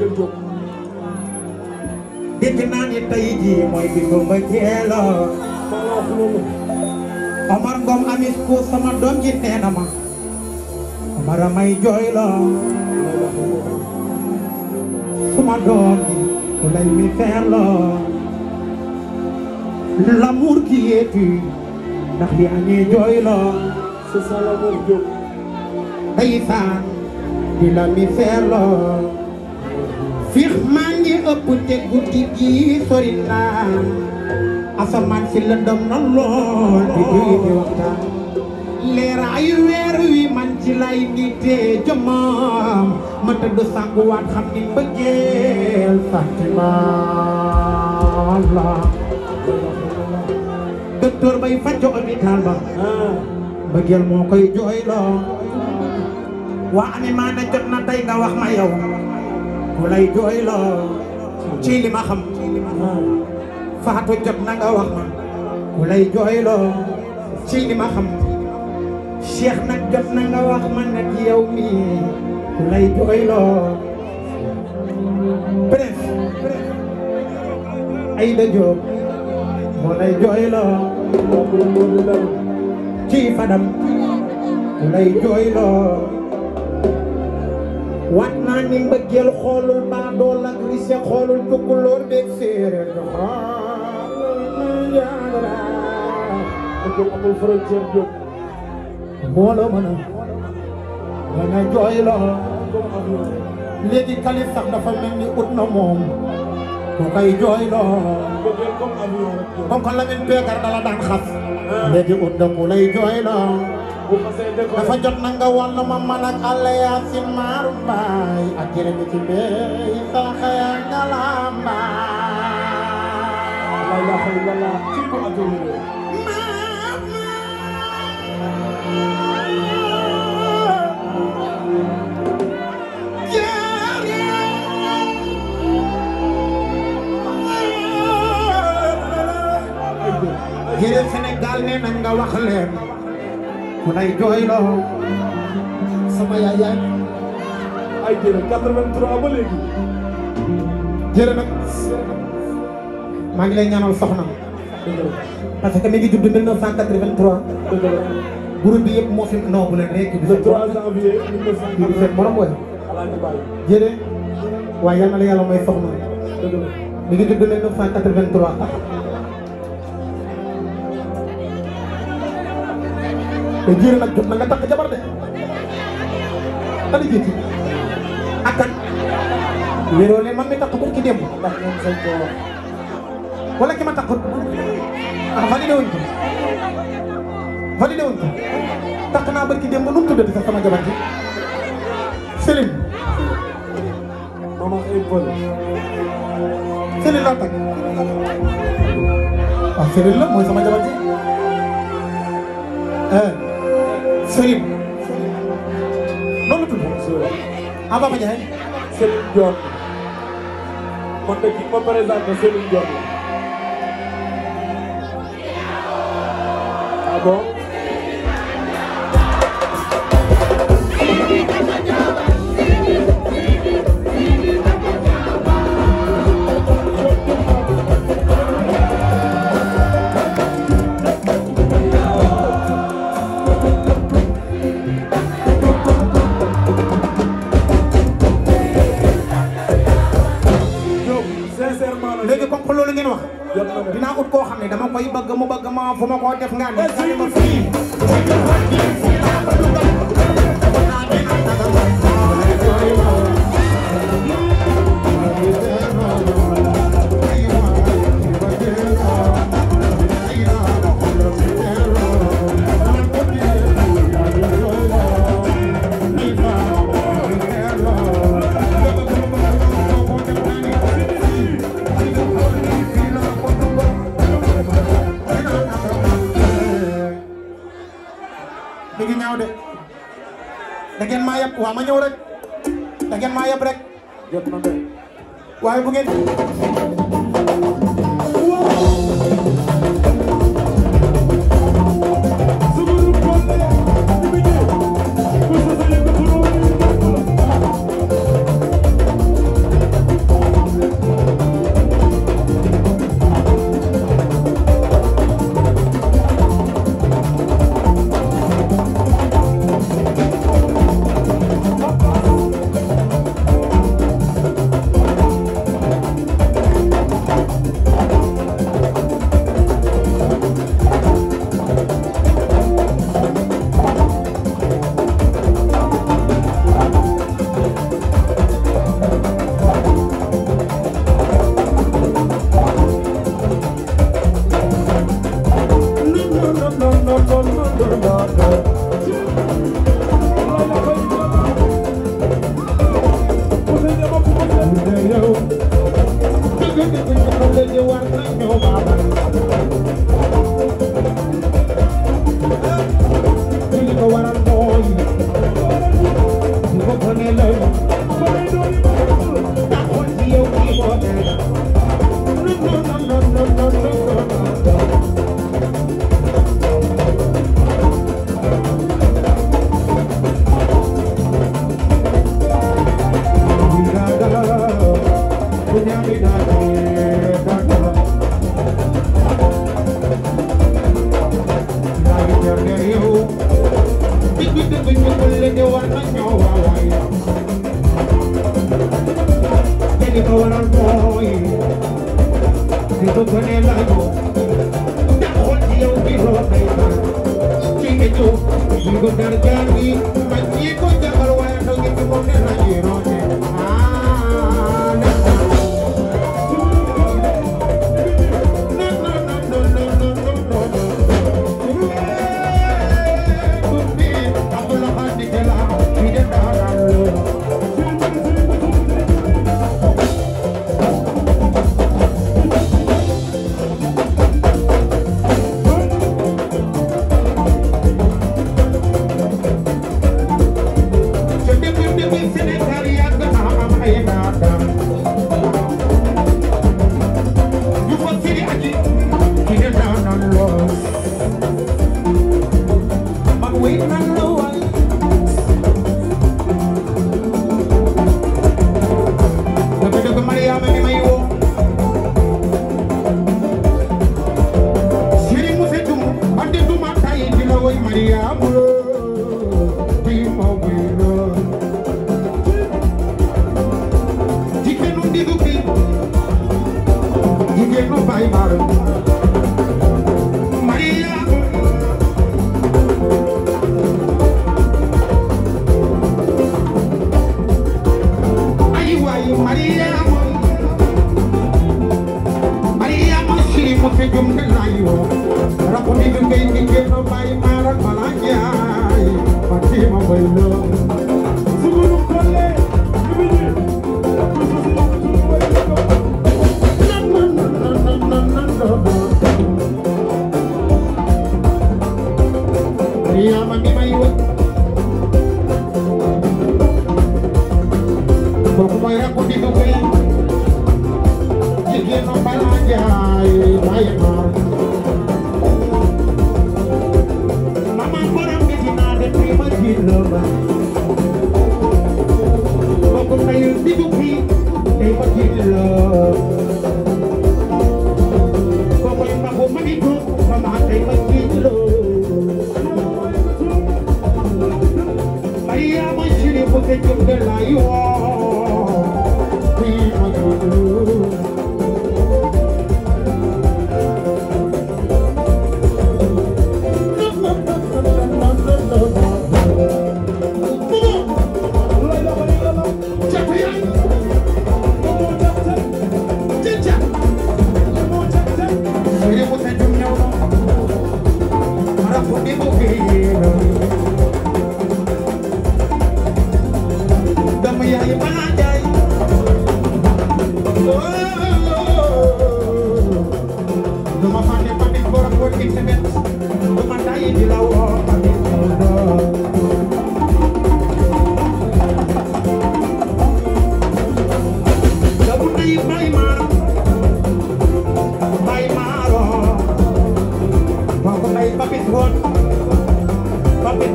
jóg jóg dégg naa ne tey jii mooy bi ko ma doom ji nee na ma jooyloo suma doom ji ku lay mi feerloo l'amour qui est tu ndax li jooyloo c'est ça l'amour jóg day di la mi fiix maa ngi ëpp te guddi gi sori naa asamaan si la na lool bi duy di waxtaan leeraayu weer wi man ci lay nitee jomam ma tëdd sanguwaat xam ni mbëggeel Fatima la docteur bay fajjo hôpital ba ah. mbëggeel moo koy jooyloo waa ani maa ne jot na tey nga wax ku lay doyloo ci li ma xam faatu jot na nga wax ma ku lay doyloo ci li ma xam cheikh nag jot na nga wax ma nag yow mii ku lay doyloo bref ay da jóob moo lay doyloo ci fadam ku lay doyloo wat naa ni mbëggeel xoolul baa dool ak risse xoolul tukkulóor beeg séeréer xool amul frontière jóg moo la mën a dana jooy léegi kalif sax dafa mel ni ut na moom ko koy jooy loo comme que Lamine Pégar dala daan xas léegi ut na mu lay jooy dafa jot na nga wàll ma man ak yaa si maaru mbaay ak jërëmi ci mbéy saaxa yaa nga laa mbaay la wax leen ku nay jooyloo sama yaay yaay ay jërë 83 ba léegi jërë nag maa ngi lay ñaanal soxna parce que mi ngi judd 1983 groupe bi yëpp moo fi non bu leen rek du le 3 janvier 1983 du fekk morom wala jërë waaye yal na la yàlla may soxna mi ngi judd 1983 te jéeré nag jot na nga takk jabar de a jéeti ak kan wéroo leen man mi takk bur ki démb ndax ki ma takkut ah validé wuñ ko validé wuñ ko takk naa bër ki démb nu mu tuddati sax sama jabar ji Céline maman xëy vol Céline laa takk waaw ah, Céline la mooy sama jabar ji eh. Serigne noonu la tudd ah Papa Ndiaye Serigne Dior man de kii ma présenté Serigne fu ma koo def nga ne waa ma ñëw rek da ngeen maa yeb rek jot na waaye bu ngeen you are.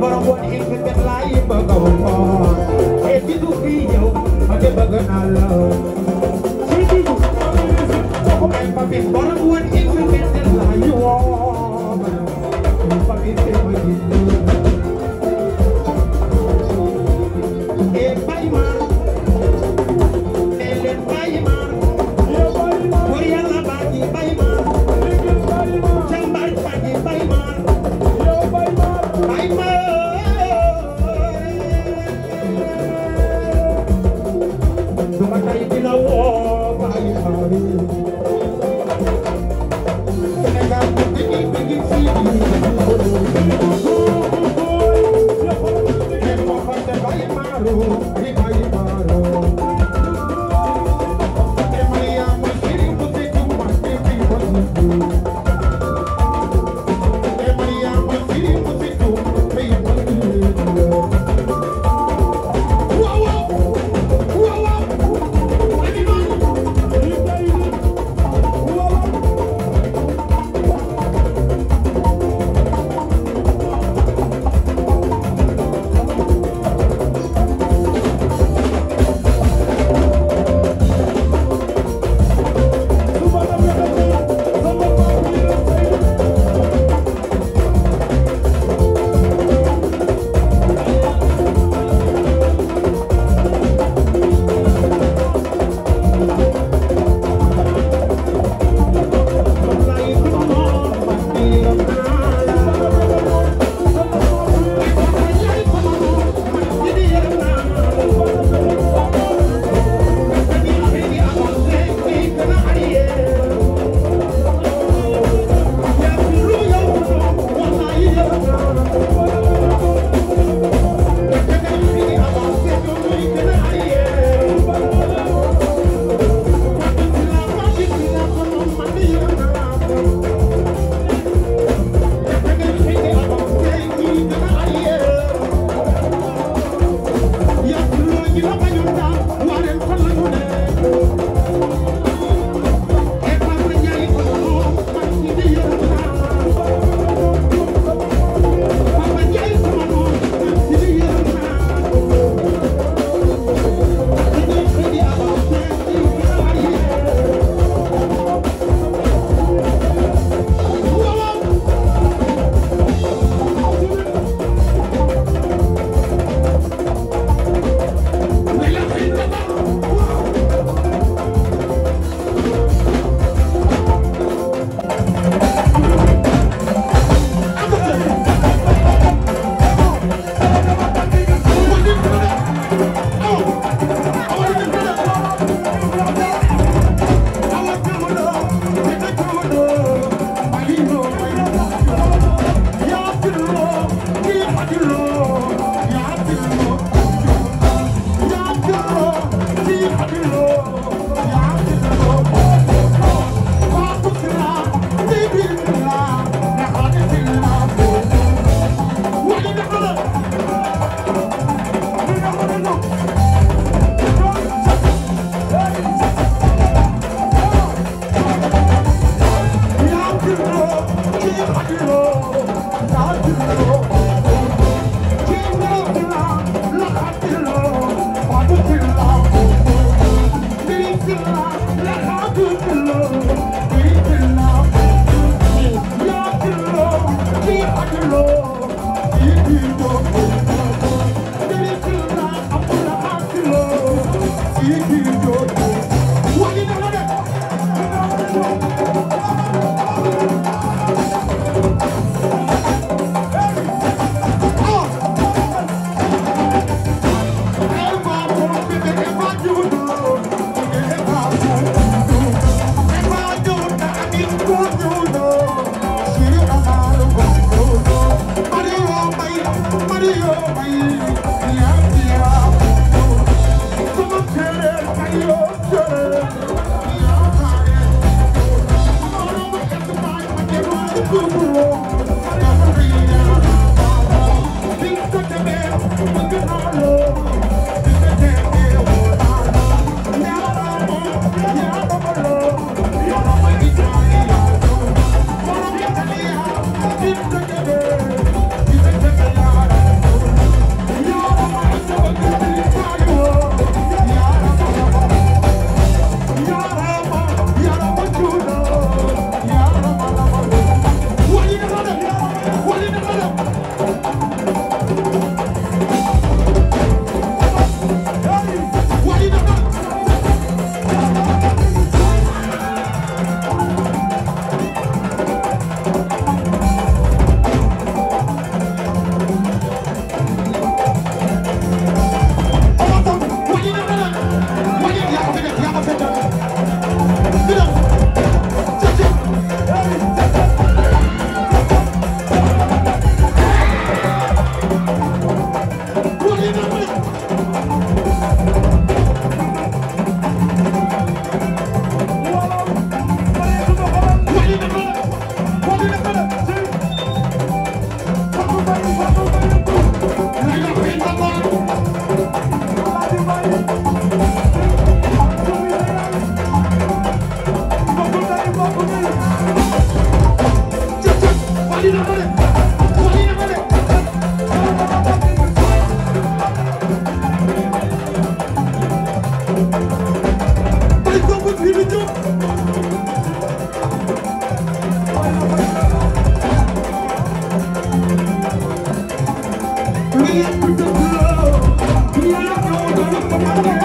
But I want him to get lying, but go on. If you do be your te bëgg naa la ay papis borom woon internet la ñu woo papis te bëgg Thank you.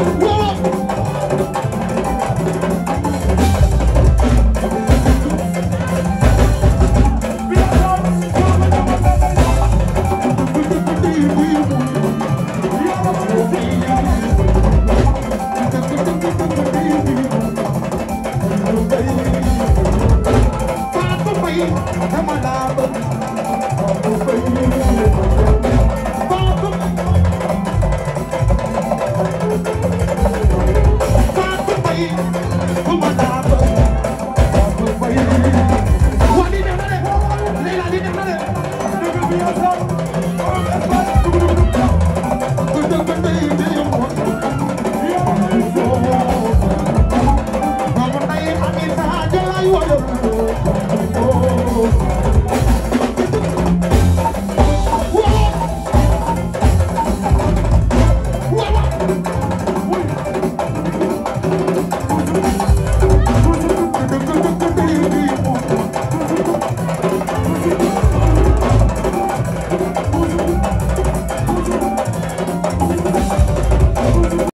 Whoa!